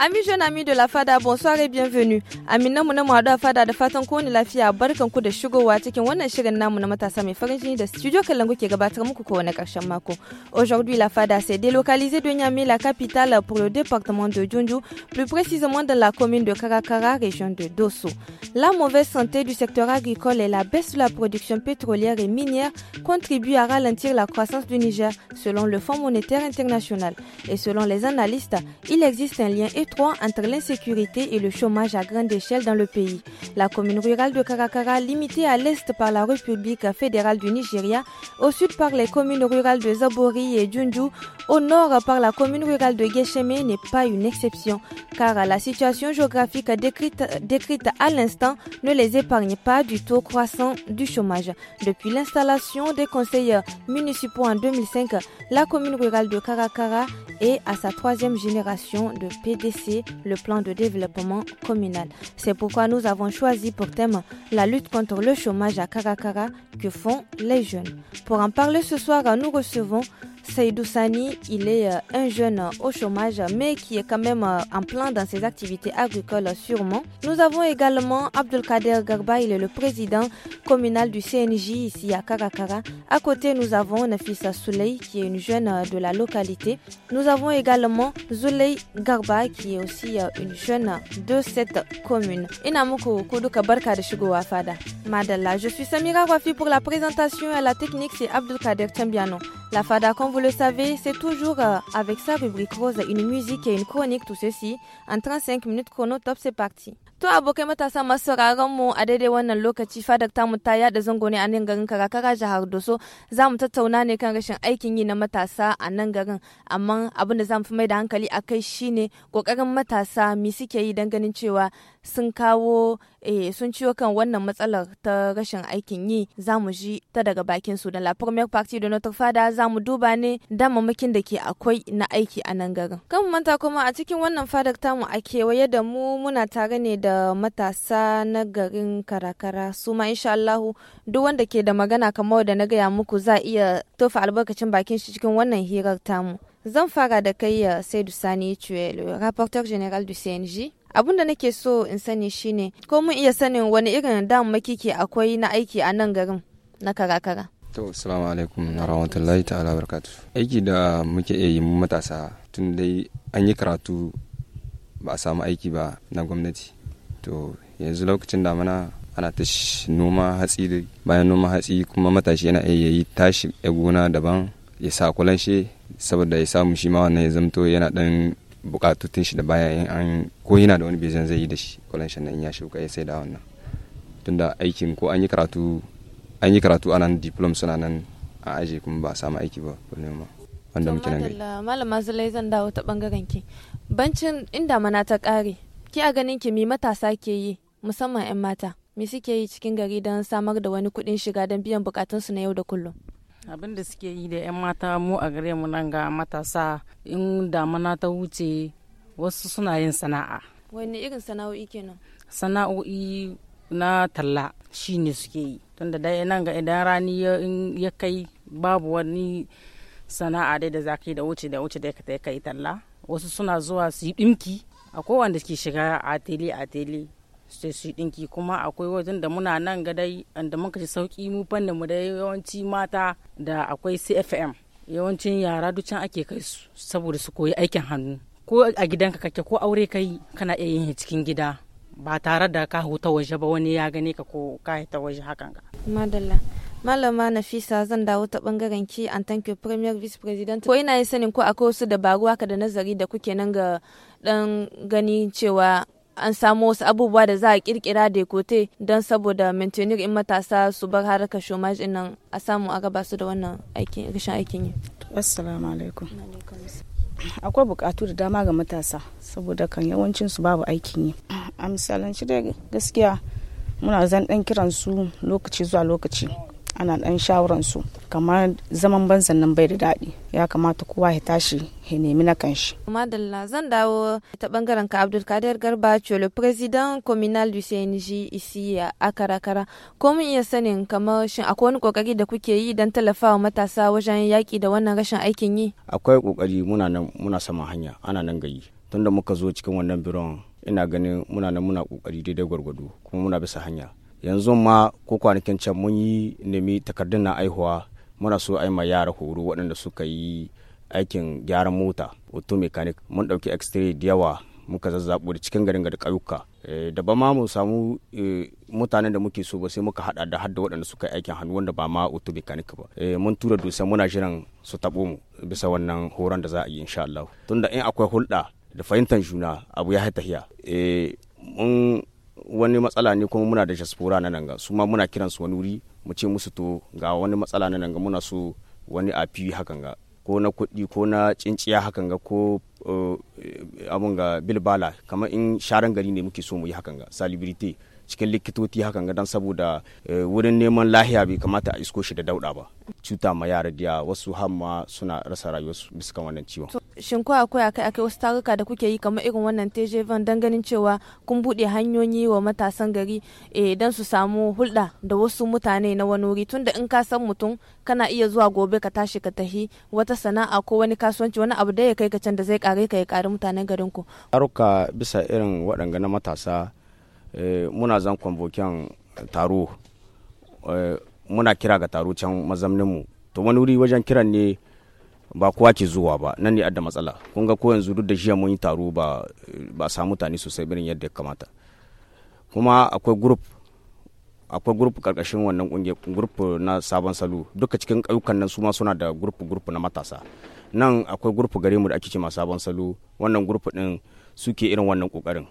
Amis jeunes amis de la Fada, bonsoir et bienvenue. Aujourd'hui, la Fada s'est délocalisée de Niamey, la capitale pour le département de Djundjou, plus précisément dans la commune de Karakara, région de Dosso. La mauvaise santé du secteur agricole et la baisse de la production pétrolière et minière contribuent à ralentir la croissance du Niger, selon le Fonds monétaire international. Et selon les analystes, il existe un lien étroit entre l'insécurité et le chômage à grande échelle dans le pays. La commune rurale de Karakara, limitée à l'est par la République fédérale du Nigeria, au sud par les communes rurales de Zabori et Dundu, au nord par la commune rurale de Gesheme n'est pas une exception, car la situation géographique décrite, décrite à l'instant ne les épargne pas du taux croissant du chômage. Depuis l'installation des conseillers municipaux en 2005, la commune rurale de Karakara et à sa troisième génération de PDC, le plan de développement communal. C'est pourquoi nous avons choisi pour thème la lutte contre le chômage à Karakara que font les jeunes. Pour en parler ce soir, nous recevons Seydou Sani, il est euh, un jeune euh, au chômage, mais qui est quand même euh, en plein dans ses activités agricoles sûrement. Nous avons également Abdelkader Garba, il est le président communal du CNJ ici à Karakara. À côté, nous avons Nafisa Souley, qui est une jeune de la localité. Nous avons également Zuley Garba, qui est aussi une jeune de cette commune. Madala, je suis Samira Wafi pour la présentation et la technique, c'est Abdelkader Tchambiano. La Fada, comme vous le savez, c'est toujours euh, avec sa rubrique rose, une musique et une chronique, tout ceci. En 35 minutes chrono, top, c'est parti. To abokai matasa masu sauraron mu a daidai wannan lokaci fadar tamu ta yaɗa zango ne a nan garin Karakara jihar Doso za mu tattauna ne kan rashin aikin yi na matasa a nan garin amma abin da za mu fi mai da hankali a kai shine kokarin matasa mi suke yi don ganin cewa sun kawo eh sun ciwo kan wannan matsalar ta rashin aikin yi za mu ji ta daga bakin su da la premier party da notre fada za mu duba ne damamakin da ke akwai na aiki a nan garin kan manta kuma a cikin wannan fadar tamu a kewaye da mu muna tare ne da matasa na garin karakara su ma insha Allahu duk wanda ke da magana kamar da na gaya muku za iya tofa albarkacin bakin shi cikin wannan hirar tamu zan fara da kai ya eh, saidu sani tuel rapporteur general du cng abin da nake so in sani shine ko mun iya sanin wani irin damammaki ke akwai na aiki a nan garin na karakara to assalamu alaikum na rahmatullahi ta'ala barakatu aiki da muke iya yi matasa tun dai an yi karatu ba a samu aiki ba na gwamnati to yanzu lokacin damana ana ta noma hatsi da bayan noma hatsi kuma matashi yana iya yi tashi ya gona daban ya sa kulanshe saboda ya samu shi ma wannan ya zamto yana dan bukatun shi da baya yin an ko yana da wani bizan zai yi da shi nan ya shuka ya sai da wannan tunda aikin ko an yi karatu an yi karatu anan diplom suna nan a aji kuma ba a samu aiki ba kullum wanda muke nan gai malama zulai zan dawo ta bangaren ki bancin inda mana ta kare ki a ganin ki mi matasa ke yi musamman yan mata me suke yi cikin gari don samar da wani kudin shiga don biyan bukatunsu na yau da kullum abin da suke yi da 'yan mata mu a gare mu nan ga matasa in damana ta wuce wasu suna yin sana'a wani irin sana'o'i kenan sana'o'i na talla shi ne suke yi tunda dai nan ga idan rani ya kai babu wani sana'a dai da zaki da wuce da wuce da ka kai talla wasu suna zuwa su yi dinki a kowanne da ke shiga ateli ateli sai dinki kuma akwai wajen da muna nan ga dai da muka ci sauki mu fannin mu da yawanci mata da akwai CFM yawancin yara ducan ake kai su saboda su koyi aikin hannu ko a gidanka kake ko aure kai kana iya yin cikin gida ba tare da ka huta waje ba wani ya gane ka ko ka ta waje hakan ga madalla malama nafisa zan dawo ta bangaren ki an you premier vice president ko ina yin sanin ko akwai wasu dabaru haka da nazari da kuke nan ga dan gani cewa an samo wasu abubuwa da za a kirkira da kote don saboda maintainer in matasa su bar harkar shomaji nan a samu a gaba su da wannan rashin aikin yi assalamu alaikum akwai bukatu da dama ga matasa saboda kan yawancin su babu aikin yi a misalanci da gaskiya muna zan dan kiran su lokaci zuwa lokaci ana dan shawaran su kamar zaman banzan nan bai da daɗi ya kamata kowa ya tashi ya nemi na kanshi. Madalla zan dawo ta bangaren ka Abdulkadir Garba cholo president communal du cng ici a Karakara. Ko mun iya sanin kamar shin akwai wani kokari da kuke yi don tallafawa matasa wajen yaƙi da wannan rashin aikin yi? Akwai kokari muna nan muna sama hanya ana nan gayi. Tunda muka zo cikin wannan biron ina ganin muna nan muna kokari daidai gwargwado kuma muna bisa hanya. yanzu ma ko kwanakin can mun yi nemi takardun na aihuwa muna so a yi ma yara horo waɗanda suka yi aikin gyaran mota auto mechanic mun ɗauki x-ray da yawa muka zazzabu da cikin garin da ƙauyuka eh, da ba ma mu samu eh, mutanen da muke so ba sai muka hada da hadda waɗanda suka yi aikin hannu wanda ba ma auto mechanic ba eh, mun tura dusa muna jiran su taɓo mu bisa wannan horon da za a yi insha Allah tunda in akwai hulɗa da fahimtar juna abu ya hiya mun wani matsala ne kuma muna da jaspora na nanga suma su ma muna kiran su wani wuri mu ce musu to ga wani matsala na nanga muna so wani afi hakan ga ko na kuɗi ko na cinciya hakan ga ko eh, abun ga bilbala kamar in sharan gari ne muke so mu yi hakan ga salibirite cikin likitoci hakan ga dan saboda eh, wurin neman lahiya bai kamata a isko shi da dauda ba cuta ma yara diya wasu hamma suna rasa rayuwarsu bisa kan wannan ciwon shin ko akwai akai akai wasu taruka da kuke yi kamar irin wannan tgv dan ganin cewa kun bude hanyoyi wa matasan gari idan eh, su samu hulɗa da wasu mutane na wani wuri tunda in ka san mutum kana iya zuwa gobe ka tashi ka tahi wata sana'a ko wani kasuwanci wani abu da ya kai ka can da zai kare ka ya kare mutanen garin ku taruka bisa irin waɗanga na matasa Eh, muna zan kwambokin taro eh, muna kira ga taro can mazamninmu to wani wuri wajen kiran ne ba kowa ke zuwa ba nan ne adda matsala kun ga ko yanzu duk da jiya mun yi taro ba ba samu ne sosai irin yadda ya kamata kuma akwai group akwai group karkashin wannan kungiyar group na sabon salo duka cikin ƙauyukan nan su ma suna da group group na matasa nan akwai group gare mu da ake cewa sabon salo wannan group din suke irin wannan kokarin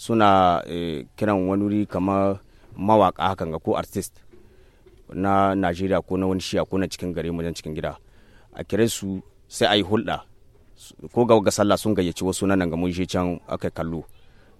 suna eh, kiran wani wuri kamar mawaka hakan ga ko artist na najeriya ko na wani shiya ko na cikin gari mu cikin gida a kire su sai a yi hulɗa ko ga ga sallah sun gayyaci wasu nan ga mun je can aka kallo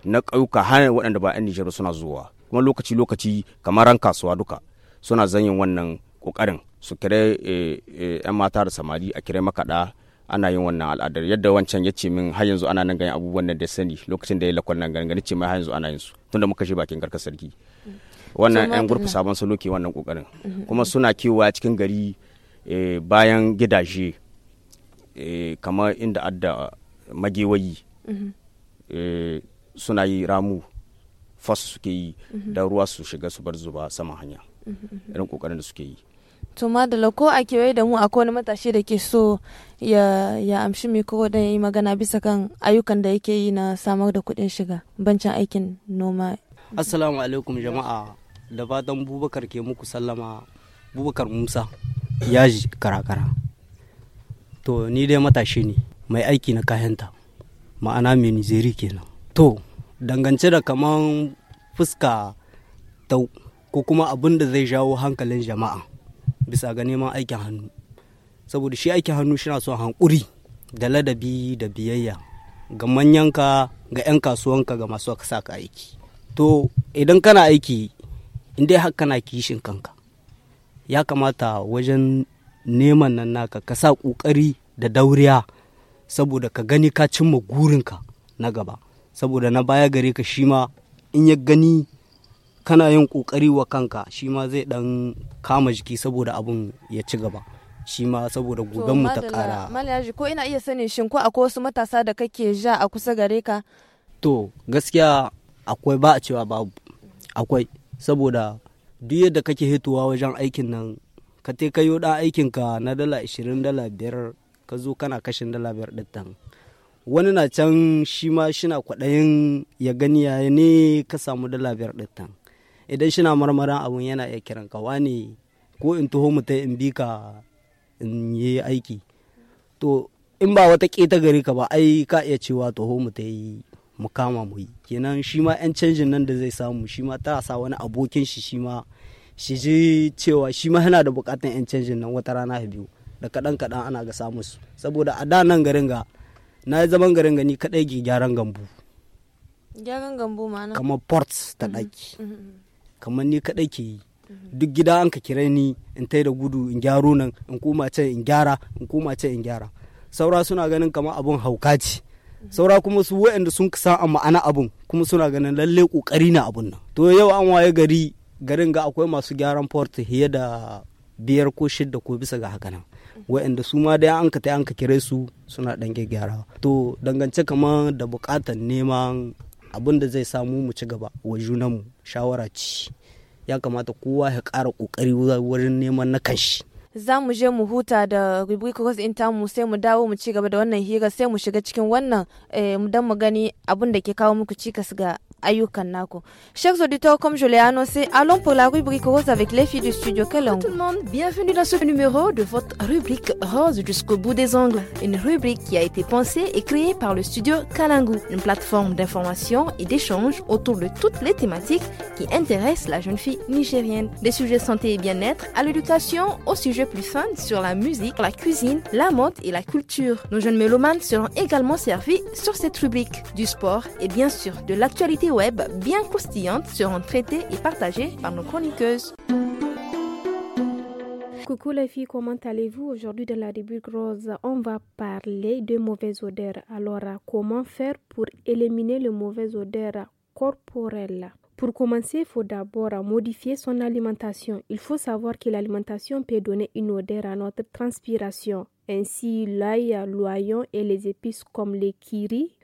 na ƙauka har waɗanda ba 'yan nijar suna zuwa kuma lokaci lokaci kamar ran kasuwa duka suna zanyin wannan ƙoƙarin su kira 'yan eh, eh, mata da samari a kire makaɗa ana yin wannan al'adar yadda wancan ya ce min har yanzu ana nan ganin abubuwan nan da sani lokacin da ya lakwal nan ganin ganin ce mai har yanzu ana yin su tunda muka shi bakin garkar sarki wannan yan gurfi sabon salo ke wannan kokarin mhm. kuma suna kewa cikin gari eh, bayan gidaje eh, kamar inda adda magewayi mhm. eh, suna yi ramu fas suke yi mhm. da ruwa su shiga su bar zuba saman hanya irin kokarin da suke yi to madala ko a kewaye da mu akwai wani matashi da ke so ya ya amshi kowa dan yi magana bisa kan ayyukan da yake yi na samar da kuɗin shiga bancin aikin noma assalamu alaikum jama'a da fatan bubakar ke muku sallama bubakar musa ya ji karakara to ni dai matashi ne mai aiki na kayanta ma'ana mai nizeri kenan to dangance da kaman fuska ta ko kuma abin da zai jawo hankalin jama'a bisa ga neman aikin hannu saboda shi aikin hannu shi na son hankuri da ladabi da biyayya ga manyanka ga 'yan kasuwanka ga masu sa ka aiki to idan kana aiki in dai haka kana kishin kanka ya kamata wajen neman nan naka ka sa ƙoƙari da dauriya saboda ka gani ka cimma gurinka na gaba saboda na baya gare ka shi in ya gani kana yin ƙoƙari wa kanka shi ma zai ɗan kama jiki saboda abun ya ci gaba shi ma saboda gugan mu ta ƙara malayaji ko ina iya sanin shin ko akwai wasu matasa da kake ja a kusa gare ka to gaskiya akwai ba a cewa babu akwai saboda duk yadda kake hitowa wajen aikin nan ka te kayo da aikin ka na dala 20 dala biyar ka zo kana kashin dala biyar ɗin wani na can shi ma shina kwaɗayin ya gani ya ne ka samu dala biyar ɗin idan shi na marmaran abun yana iya kiran ka wani ko in taho mutum in bi ka in yi aiki to in ba wata keta gari ka ba ai ka iya cewa taho mu ta yi mu kama mu yi kenan shi ma yan canjin nan da zai samu shi ma ta sa wani abokin shi shi ma shi ji cewa shi ma yana da bukatan yan canjin nan wata rana biyu da kadan kadan ana ga samu su saboda a da nan garin ga na yi zaman garin gani kadai ke gyaran gambu gyaran gambu ma kamar port ta mm-hmm. ɗaki mm-hmm. kamar ni kaɗai ke yi duk gida an ka kira ni in tai da gudu in gyaro nan in koma can in gyara in koma can in gyara saura suna ganin kamar abun hauka ce saura kuma su waɗanda sun san a ma'ana abun kuma suna ganin lalle kokari na abun nan to yau an waye gari garin ga akwai masu gyaran port fiye da biyar ko shidda ko bisa ga haka nan waɗanda su ma dai an ka tai an ka kire su suna ɗan gyarawa to dangance kamar da bukatan neman abin da zai samu mu ci gaba wa junanmu shawara ce ya kamata kowa ya ƙara ƙoƙari wurin neman na kanshi za Chers auditeurs, comme je l'ai annoncé, allons pour la rubrique rose avec les filles du studio Kalangu. Tout le monde, bienvenue dans ce numéro de votre rubrique rose jusqu'au bout des ongles. Une rubrique qui a été pensée et créée par le studio Kalangu, une plateforme d'information et d'échange autour de toutes les thématiques qui intéressent la jeune fille nigérienne. Des sujets santé et bien-être à l'éducation, au sujet plus fun sur la musique, la cuisine, la mode et la culture. Nos jeunes mélomanes seront également servis sur cette rubrique. Du sport et bien sûr de l'actualité web bien croustillante seront traitées et partagées par nos chroniqueuses. Coucou les filles, comment allez-vous Aujourd'hui dans la rubrique rose, on va parler de mauvaises odeurs. Alors, comment faire pour éliminer les mauvaises odeurs corporelles pour commencer, il faut d'abord modifier son alimentation. Il faut savoir que l'alimentation peut donner une odeur à notre transpiration. Ainsi, l'ail, l'oignon et les épices comme les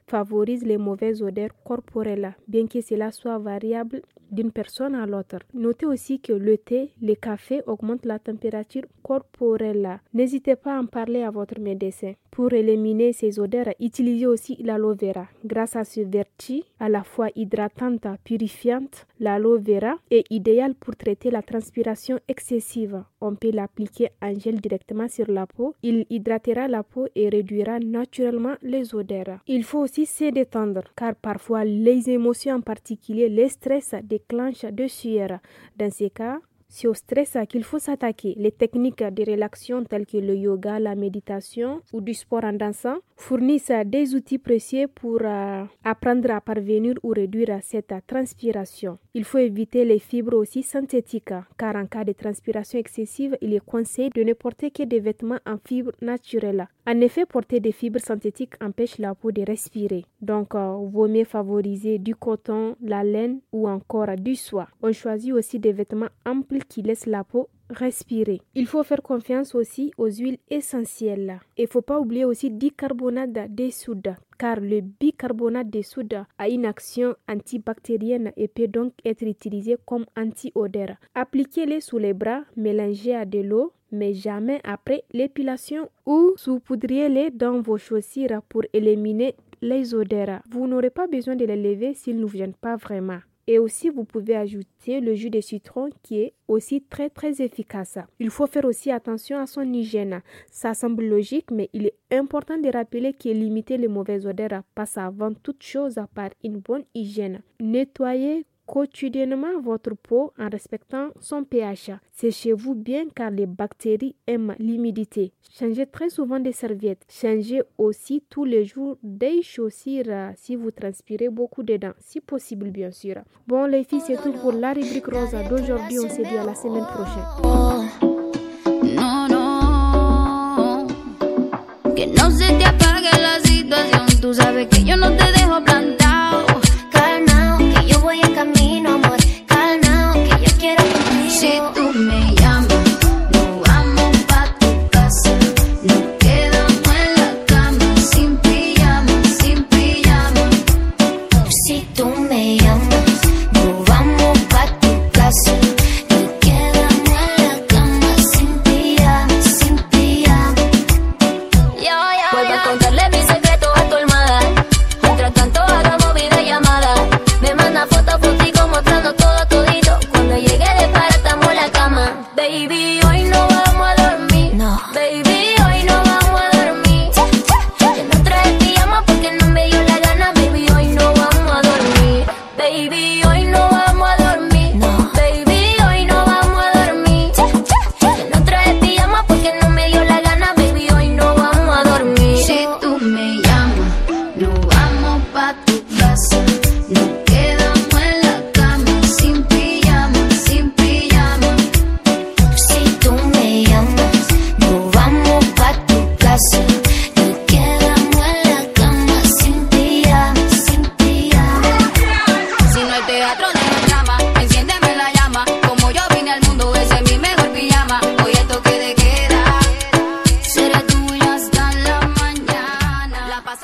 favorise les mauvaises odeurs corporelles, bien que cela soit variable d'une personne à l'autre. Notez aussi que le thé, le café augmentent la température corporelle. N'hésitez pas à en parler à votre médecin. Pour éliminer ces odeurs, utilisez aussi l'aloe vera. Grâce à ce vertu à la fois hydratante, purifiante, l'aloe vera est idéal pour traiter la transpiration excessive. On peut l'appliquer en gel directement sur la peau. Il hydratera la peau et réduira naturellement les odeurs. Il faut aussi c'est c'est détendre, car parfois les émotions, en particulier les stress, déclenchent des sueurs. Dans ces cas, c'est au stress qu'il faut s'attaquer. Les techniques de relaxation telles que le yoga, la méditation ou du sport en dansant fournissent des outils précieux pour euh, apprendre à parvenir ou réduire cette transpiration. Il faut éviter les fibres aussi synthétiques, car en cas de transpiration excessive, il est conseillé de ne porter que des vêtements en fibres naturelles. En effet, porter des fibres synthétiques empêche la peau de respirer. Donc, euh, vaut mieux favoriser du coton, la laine ou encore du soie. On choisit aussi des vêtements amples qui laissent la peau respirer. Il faut faire confiance aussi aux huiles essentielles. Il ne faut pas oublier aussi bicarbonate de soude car le bicarbonate de soude a une action antibactérienne et peut donc être utilisé comme anti-odeur. Appliquez-les sous les bras, mélangez à de l'eau, mais jamais après l'épilation ou saupoudriez-les dans vos chaussures pour éliminer les odeurs. Vous n'aurez pas besoin de les lever s'ils ne viennent pas vraiment. Et aussi, vous pouvez ajouter le jus de citron qui est aussi très très efficace. Il faut faire aussi attention à son hygiène. Ça semble logique, mais il est important de rappeler que limiter les mauvaises odeurs passe avant toute chose part une bonne hygiène. Nettoyer, quotidiennement votre peau en respectant son pH. Séchez-vous bien car les bactéries aiment l'humidité. Changez très souvent des serviettes. Changez aussi tous les jours des chaussures euh, si vous transpirez beaucoup de dedans, si possible bien sûr. Bon les filles, c'est tout pour la rubrique rosa d'aujourd'hui. On se dit à la semaine prochaine.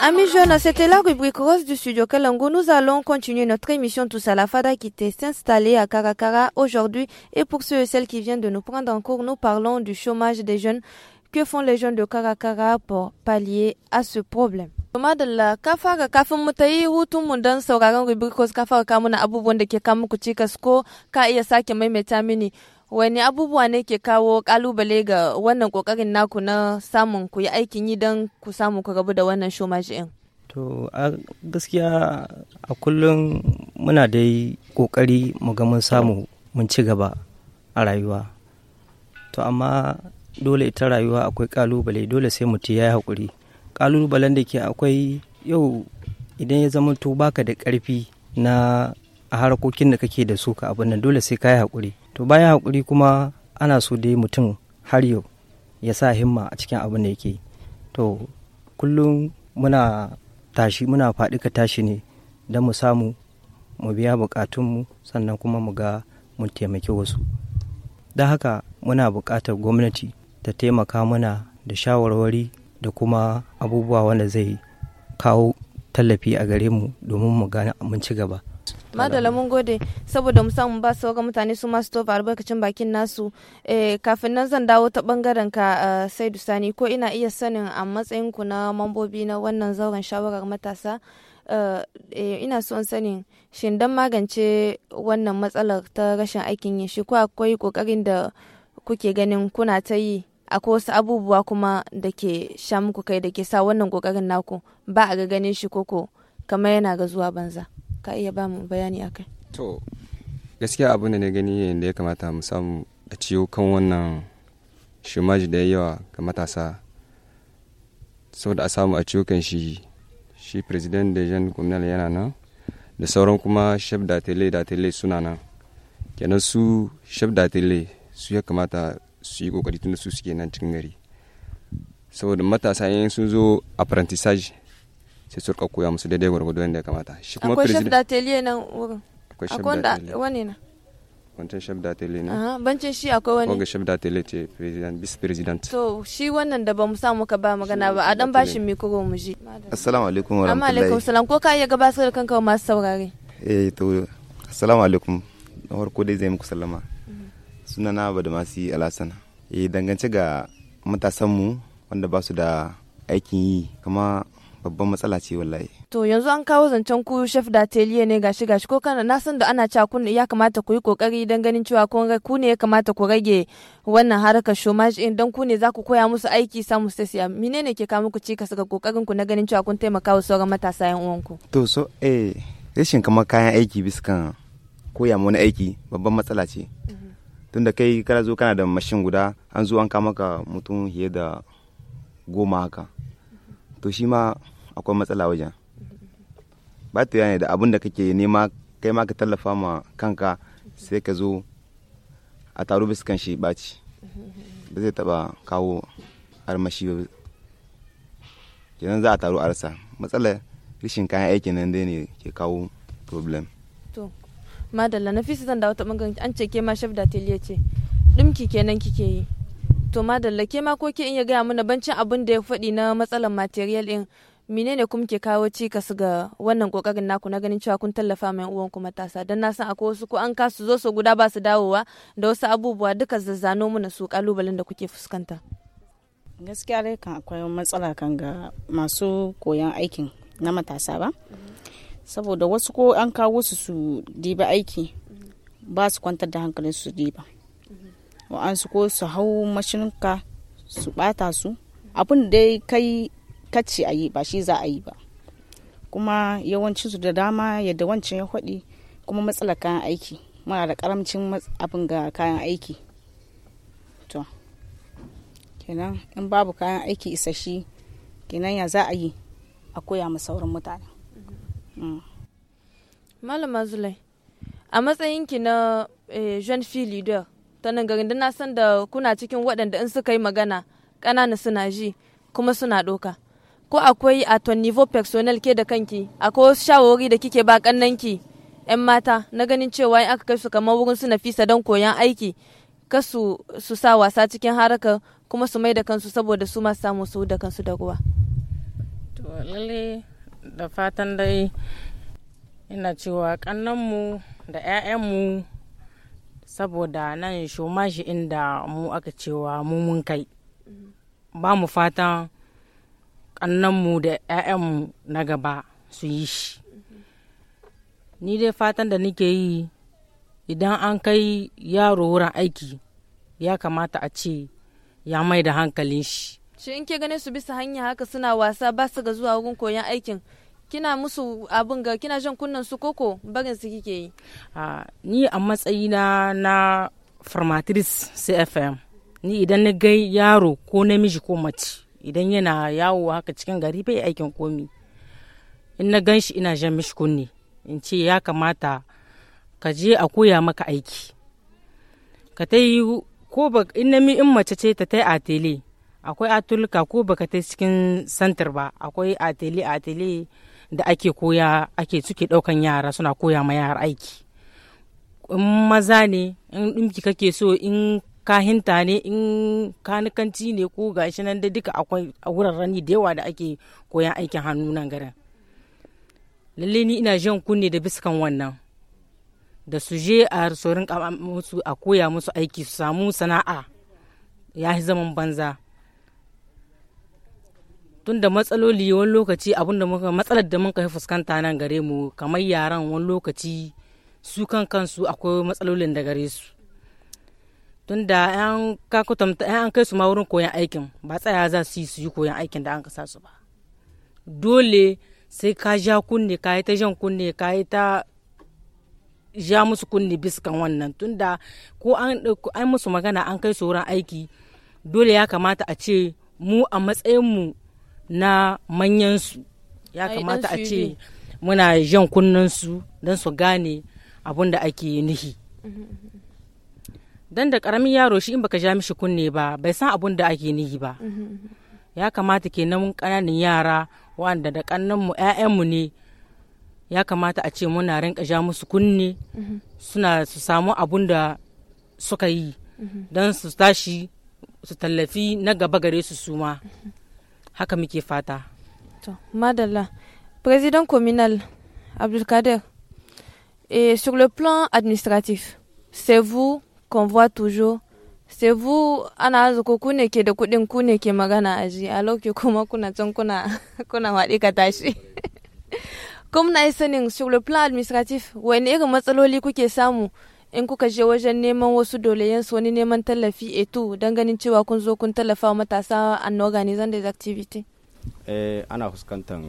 Amis jeunes, c'était la rubrique rose du studio Kalango. Nous allons continuer notre émission Tous à la Fada qui était s'installer à Karakara aujourd'hui. Et pour ceux et celles qui viennent de nous prendre en cours, nous parlons du chômage des jeunes. Que font les jeunes de Karakara pour pallier à ce problème? wani abubuwa ne ke kawo kalubale ga wannan kokarin naku na samun ku yi aikin yi don ku samu ku rabu da wannan shomaji to a gaskiya a kullum muna da kokari mu ga mun samu mun ci gaba a rayuwa to amma dole ita rayuwa akwai kalubale dole sai mutum ya yi haƙuri kalubalen da ke akwai yau idan ya zama to baka da ƙarfi na a harkokin da kake da su ka abin nan dole sai ka yi haƙuri to bayan haƙuri kuma ana so dai mutum har yau ya sa himma a cikin abin da yake to kullum muna tashi muna faɗi ka tashi ne don mu samu mu biya buƙatunmu sannan kuma mu ga mun taimaki wasu don haka muna buƙatar gwamnati ta taimaka mana da shawarwari da kuma abubuwa wanda zai kawo tallafi a gare mu domin mu gane mun ci gaba madala mun gode saboda musamman ba su ga mutane su masu tofa albarkacin bakin nasu eh, kafin nan zan dawo ta bangaren ka eh, sai sani ko ina iya sanin a matsayin ku na mambobi na wannan zauren shawarar matasa eh, ina so in sanin shin don magance wannan matsalar ta rashin aikin yin shi ko akwai kokarin da kuke ganin kuna ta yi akwai wasu abubuwa kuma da ke sha muku kai da ke sa wannan kokarin naku ba a ga ganin shi koko kamar yana ga zuwa banza ka iya ba mu bayani kai to gaskiya abin da na gani da ya kamata mu samu a ciwo kan wannan shimaji da ya yawa ga matasa saboda a samu a ciwo kan shi shi president da jan kumnal yana nan da sauran kuma chef da tele da tele suna nan kenan su chef da tele su ya kamata su yi kokari tun da su suke nan cikin gari saboda matasa yayin sun zo apprentissage sai su rika koya musu daidai gwargwado yadda ya kamata shi kuma akwai chef d'atelier nan wurin akwai wanda wani na wancan chef d'atelier ne bancin shi akwai wani wanga chef d'atelier ce president vice president to shi wannan da ba mu samu ka ba magana ba a dan bashi mikro mu ji assalamu alaikum wa rahmatullahi alaikum salam ko ka iya gabatar da kanka masu saurare eh to assalamu alaikum na farko dai zai muku sallama mhm. sunana badamasi alasana eh dangance ga matasan mu wanda ba su da aikin yi kama babban matsala ce wallahi to yanzu an kawo zancen ku chef da atelier ne gashi gashi ko kana na san da ana cewa kun ya kamata ku yi kokari dan ganin cewa kun ku ne ya kamata ku rage wannan harkar chômage din dan ku ne za ku koya musu aiki samu su siya menene ke kawo muku cikas ga kokarin ku na ganin cewa kun taimaka wa sauran matasa yan uwanku to so eh rashin kamar kayan aiki biskan koya ma wani aiki babban matsala ce mm-hmm. tunda kai kana zo kana da mashin guda an zo an kama ka mutum fiye da goma haka mm-hmm. to shi ma akwai matsala wajen ba ta yana da abin da kake nema kai ma ka tallafa ma kanka sai ka zo a taru bisa kan shi ɓaci ba zai taɓa kawo armashi ba kenan za a taru a rasa matsalar rishin kayan aiki nan dai ne ke kawo problem to madalla na fi zan da wata bangan an ce ke ma shaf da teliya ce dimki kenan kike yi to madalla ke ma ko ke in ya gaya mana bancin abin da ya faɗi na matsalan material din menene kuma ke kawo cikas ga wannan kokarin naku na ganin cewa kun tallafa mai uwan ku matasa don na san akwai wasu ko an kasu zo su guda ba su dawowa da wasu abubuwa duka zazzano mana su kalubalen da kuke fuskanta gaskiya dai kan akwai matsala kan ga masu koyan aikin na matasa ba saboda wasu ko an kawo su su diba aiki ba su kwantar da hankalin su diba wa'ansu ko su hau mashinka su bata su abin da dai kai tacce a yi ba shi za a yi ba kuma yawanci su da dama yadda wancan ya faɗi kuma matsalar kayan aiki muna da karamcin abin ga kayan aiki to kenan in babu kayan aiki isashi kenan ya za a yi a koya ma sauran mutane mm. malama zulai a matsayinki na eh, jean fille ta nan garin na san da kuna cikin waɗanda in suka yi magana ƙanana suna ji kuma suna ɗoka ko akwai a ton niveau personnel ke da kanki akwai wasu shawarwari da kike ba kannanki yan mata na ganin cewa in aka kai su kamar wurin su nafisa don koyan aiki ka su sa wasa cikin haraka kuma su mai da kansu saboda su masu samu su da kansu da ruwa to lalle da fatan dai ina cewa kannanmu da 'ya'yanmu saboda nan shomashi inda mu aka cewa mu mun kai mm-hmm. ba mu fatan kannanmu da 'ya'yanmu na gaba su yi shi ni dai fatan da nake yi idan an kai yaro wurin aiki ya kamata a ce ya mai da hankalin shi shi in ke gane su bisa hanya haka suna wasa ba su ga zuwa wurin koyon aikin kina musu abin ga kina jan kunnen su koko barin su kike yi ni a matsayina na formatrice cfm ni idan na gai yaro ko namiji ko mace idan yana yawo haka cikin gari bai aikin komi in na gan shi ina jan mishi kunne in ce ya kamata ka je a koya maka aiki ka ta yi ko ba in in mace ce ta tai atele akwai atulka ko ba baka tai cikin santar ba akwai atele atele da ake koya ake suke daukan yara suna koya ma yara aiki in maza ne in ɗinki kake so in kahinta ne in kanikanci ne ko gashi nan da duka akwai a wuraren da yawa da ake koyan aikin hannu nan garin lalle ni ina jan kunne da biskan wannan da su je a sorin musu a koya musu aiki su samu sana'a ya yi zaman banza tun da matsaloli wani lokaci abin da muka matsalar da muka fuskanta nan gare mu kamar yaran wani lokaci su kan kansu akwai matsalolin da gare su tunda an ka an kai su ma wurin koyan aikin ba tsaya za su yi su yi koyan aikin da an kasa su ba dole sai ka ja kunne ka yi ta jan kunne ka yi ta ja musu kunne biskan wannan tunda ko an musu magana an kai su wurin aiki dole ya kamata a ce mu a matsayin mu na manyan su ya kamata a ce muna jan kunnen su don su gane abun da ake nihi mhm, mhm. dan da karamin yaro shi in baka ja mishi kunne ba bai san abun da ake nihi ba ya kamata kenan mun kananan yara wanda da kannanmu mu ne ya kamata a ce muna rinka ja musu kunne suna su samu abun da suka yi don su tashi su tallafi na gaba gare su suma haka muke fata madalla president communal abdulkader et eh, sur le plan administratif c'est vous qu'on voit toujours c'est vous ana azuko ku ne ke da kuɗin ku ne ke magana a ji a lauke kuma kuna can kuna kuna waɗe ka tashi comme na sanin sur le plan administratif wani irin matsaloli kuke samu in kuka je wajen neman wasu doleyensu wani neman tallafi etu don ganin cewa kun zo kun tallafa wa matasa an organizan des activités eh, ana fuskantar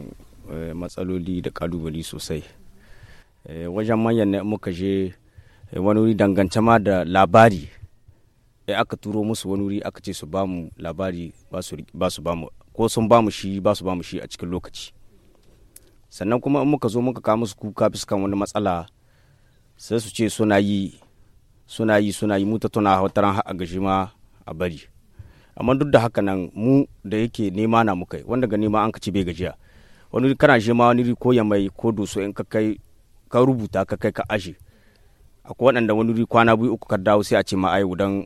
eh, matsaloli da kalubali sosai eh, wajen manyan ne muka je Eh, wani wuri dangance ma da labari e aka turo musu wani wuri aka ce su ba mu labari ba su ba mu ko sun ba mu shi ba su ba mu shi a cikin lokaci sannan kuma in muka zo muka kawo musu kuka fuskan wani matsala sai su ce suna yi suna yi suna yi muta tuna wataran a gashi ma a bari amma duk da haka nan mu da yake nema na muka wanda ga nema an ka ci bai gajiya wani kana shi ma wani ko ya mai ko doso in ka kai ka rubuta ka kai ka aje akwai waɗanda wani wuri kwana biyu uku ka dawo sai a ce ma ai dan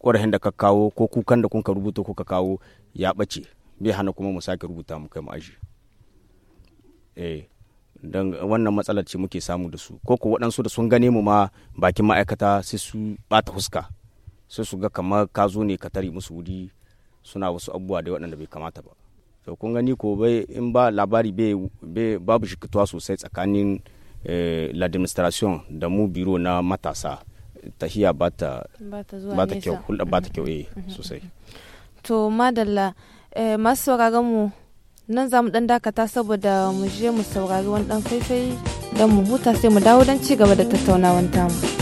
ƙorahin da ka kawo ko kukan da kun ka rubuta ko ka kawo ya ɓace bai hana kuma mu sake rubuta mu kai mu aji eh, don wannan matsalar ce muke samu da su ko ko waɗansu da sun gane mu ma bakin ma'aikata sai su ɓata huska sai su ga kamar ka zo ne ka tare musu wuri suna wasu abubuwa da waɗanda bai kamata ba to kun gani ko bai in ba labari bai babu shikituwa sosai tsakanin Eh, l'administration da mu biro na matasa tahiya ba ta kyau hulɗa ba mhm. kyau eh mhm. sosai to madalla eh, masu sauraron mu nan za mu dan dakata saboda mu je mu saurari wani dan faifai don mu huta sai mu dawo don ci gaba da tattaunawan tamu.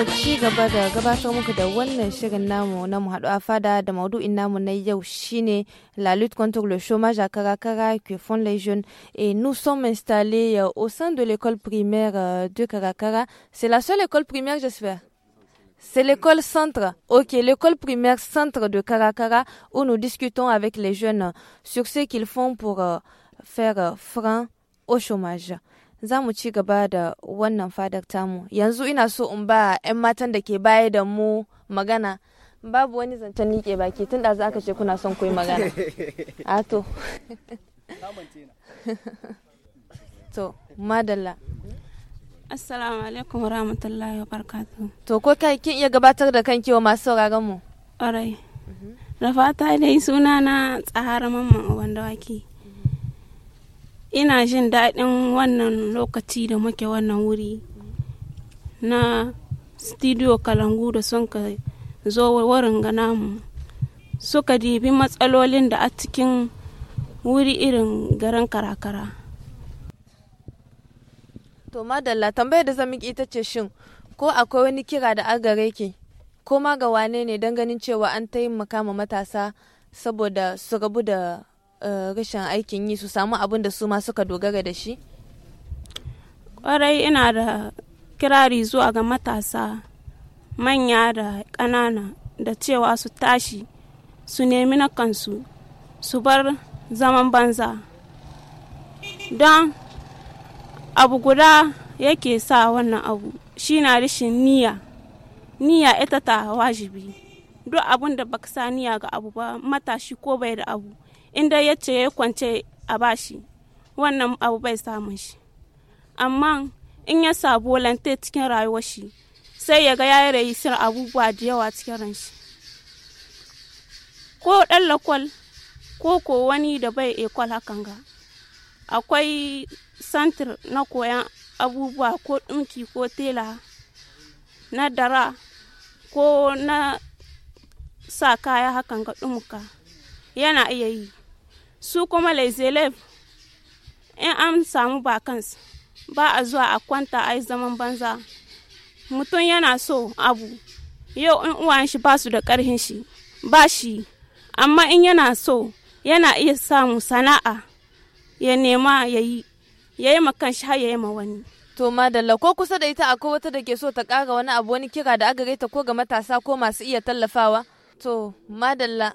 la lutte contre le chômage à Karakara que font les jeunes et nous sommes installés euh, au sein de l'école primaire euh, de Karakara. C'est la seule école primaire, j'espère. C'est l'école centre, ok, l'école primaire centre de Karakara où nous discutons avec les jeunes sur ce qu'ils font pour euh, faire frein au chômage. za mu ci gaba da wannan fadar tamu yanzu ina so in ba 'yan matan da ke baya da mu magana babu wani zancen nike baki tun da za aka ce kuna son kuyi magana ato ah, to madalla assalamu alaikum rahmatullahi wa barkatu to ko kai kin iya gabatar da kanki wa masu sauraron mu ƙwarai mhm. da dai suna na tsahara mamman wanda waki ina jin daɗin wannan lokaci da muke wannan wuri na studio kalangu da sun ka zo wurin gana mu suka dibi matsalolin da a cikin wuri irin garin karakara to madalla tambayar da zan ita ce shin ko akwai wani kira da agare ke ko ma ga wane ne don ganin cewa an taimaka ma matasa saboda su rabu da Eh, rashin aikin yi su samu abin da su ma suka dogara da shi? Kwarai ina da kirari zuwa ga matasa manya da ƙanana da cewa su tashi su nemi na kansu su bar zaman banza don abu guda yake sa wannan abu shi na rashin niyya niyya ita ta wajibi duk abun da baka sa niyya ga abu ba matashi ko bai da abu inda ya ce ya kwance a bashi wannan abu bai samun shi amma in ya sabu walante cikin rayuwar shi sai ya ga ya yi rayisar abubuwa da yawa cikin ranshi ko ɗan lakwal ko ko wani da bai ekwal hakan ga akwai santir na koyan abubuwa ko ɗinki ko tela na dara ko na sa kaya hakan ga ɗumuka yana iya yi su kuma laizelev in an samu bakans ba a zuwa a kwanta a zaman banza mutum yana so abu yau in uwayen shi ba su da ƙarhin shi ba shi amma in yana so yana iya samu sana'a ya nema ya yi ya yi makan shi har ya yi ma wani to madalla ko kusa da ita akwai wata da ke so ta kara wani abu wani kira da aka gaita ko ga matasa ko masu iya tallafawa to madalla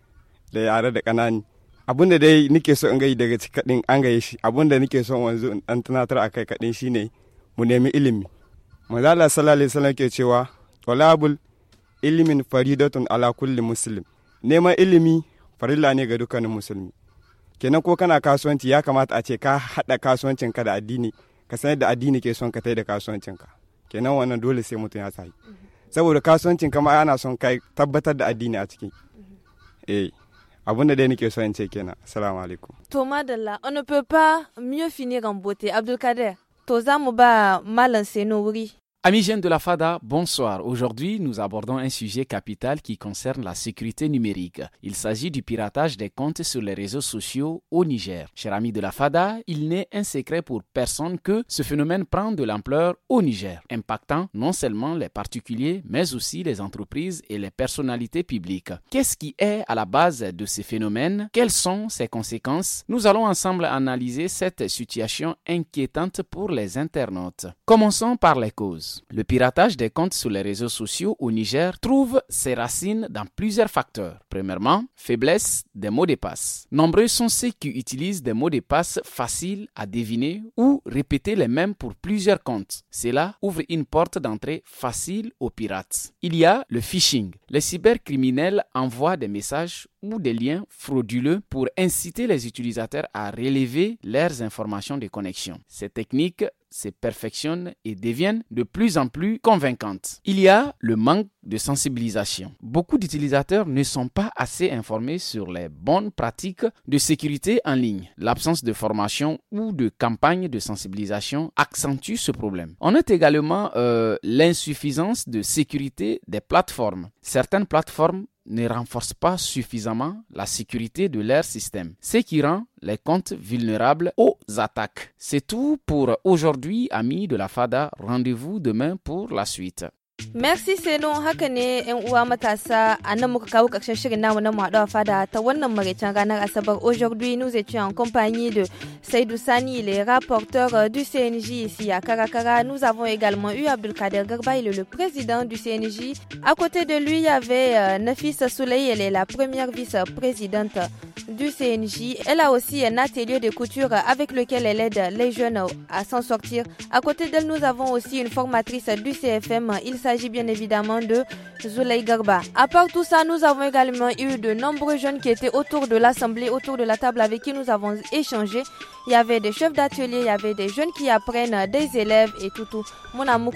da yare da ƙanani abun da dai nike so in gai daga kaɗin an gaye shi abun da nike so wanzu in ɗan tunatar a kai kaɗin shine mu nemi ilimi mazala sallallahu alaihi ke cewa talabul ilimin faridatun ala kulli muslim neman ilimi farilla ne ga dukkanin musulmi kenan ko kana kasuwanci ya kamata a ce ka haɗa kasuwancinka da addini ka san yadda addini ke son ka tai da kasuwancinka kenan wannan dole sai mutum ya sahi saboda kasuwancin kama ana son ka tabbatar da addini a ciki eh abinda dai nake so in ce kenan assalamu alaikum to madalla on ne peut pas mieux finir en beauté abdulkader to za mu ba malam seno wuri Amis jeunes de la FADA, bonsoir. Aujourd'hui, nous abordons un sujet capital qui concerne la sécurité numérique. Il s'agit du piratage des comptes sur les réseaux sociaux au Niger. Chers amis de la FADA, il n'est un secret pour personne que ce phénomène prend de l'ampleur au Niger, impactant non seulement les particuliers, mais aussi les entreprises et les personnalités publiques. Qu'est-ce qui est à la base de ces phénomènes Quelles sont ses conséquences Nous allons ensemble analyser cette situation inquiétante pour les internautes. Commençons par les causes. Le piratage des comptes sur les réseaux sociaux au Niger trouve ses racines dans plusieurs facteurs. Premièrement, faiblesse des mots de passe. Nombreux sont ceux qui utilisent des mots de passe faciles à deviner ou répéter les mêmes pour plusieurs comptes. Cela ouvre une porte d'entrée facile aux pirates. Il y a le phishing. Les cybercriminels envoient des messages ou des liens frauduleux pour inciter les utilisateurs à relever leurs informations de connexion. Ces techniques se perfectionnent et deviennent de plus en plus convaincantes. Il y a le manque de sensibilisation. Beaucoup d'utilisateurs ne sont pas assez informés sur les bonnes pratiques de sécurité en ligne. L'absence de formation ou de campagne de sensibilisation accentue ce problème. On note également euh, l'insuffisance de sécurité des plateformes. Certaines plateformes ne renforcent pas suffisamment la sécurité de leur système, ce qui rend les comptes vulnérables aux attaques. C'est tout pour aujourd'hui, amis de la FADA. Rendez-vous demain pour la suite. Merci c'est nous uwa aujourd'hui nous étions en compagnie de Seydou Sani, le rapporteur du CNJ ici à Karakara. Nous avons également eu Abdelkader Garba, il est le président du CNJ. À côté de lui, il y avait euh, Nafis Souley, elle est la première vice-présidente du CNJ. Elle a aussi un atelier de couture avec lequel elle aide les jeunes à s'en sortir. À côté d'elle, nous avons aussi une formatrice du CFM. Il s'agit bien évidemment de Zulei Garba. À part tout ça, nous avons également eu de nombreux jeunes qui étaient autour de l'assemblée, autour de la table avec qui nous avons échangé. Il y avait des chefs d'atelier, il y avait des jeunes qui apprennent, euh, des élèves et tout Mon amour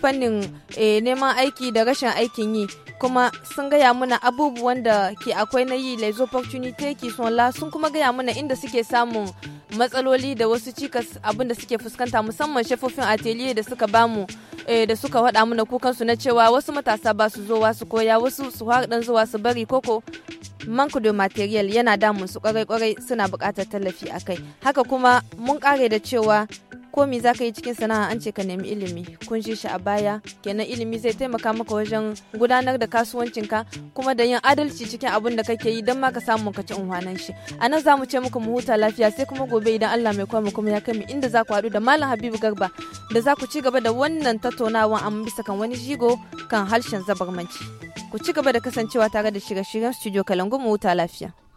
fannin eh, neman aiki da rashin aikin yi kuma sun gaya muna abubuwan da ke akwai na yi les opportunité ki sont sun kuma gaya muna inda suke samun matsaloli da wasu cikas abin da suke fuskanta musamman shafofin atelier da suka bamu eh, da suka faɗa mana kukansu na cewa wasu matasa ba su zowa su koya wasu su haɗin zuwa su bari koko mankudo material yana damun su kwarai-kwarai suna buƙatar tallafi a kai haka kuma mun ƙare da cewa komi me za ka yi cikin sana'a an ce ka nemi ilimi kun shi shi a baya kenan ilimi zai taimaka maka wajen gudanar da kasuwancinka kuma da yin adalci cikin abin da kake yi don ma ka samu ka ci unhwanan shi a nan za mu ce muku mu huta lafiya sai kuma gobe idan Allah mai kwami kuma ya kai mu inda za ku haɗu da malam Habibu Garba da za ku ci gaba da wannan tattaunawa amma bisa kan wani jigo kan harshen zabarmanci ku ci gaba da kasancewa tare da shirye-shiryen studio Kalangu mu huta lafiya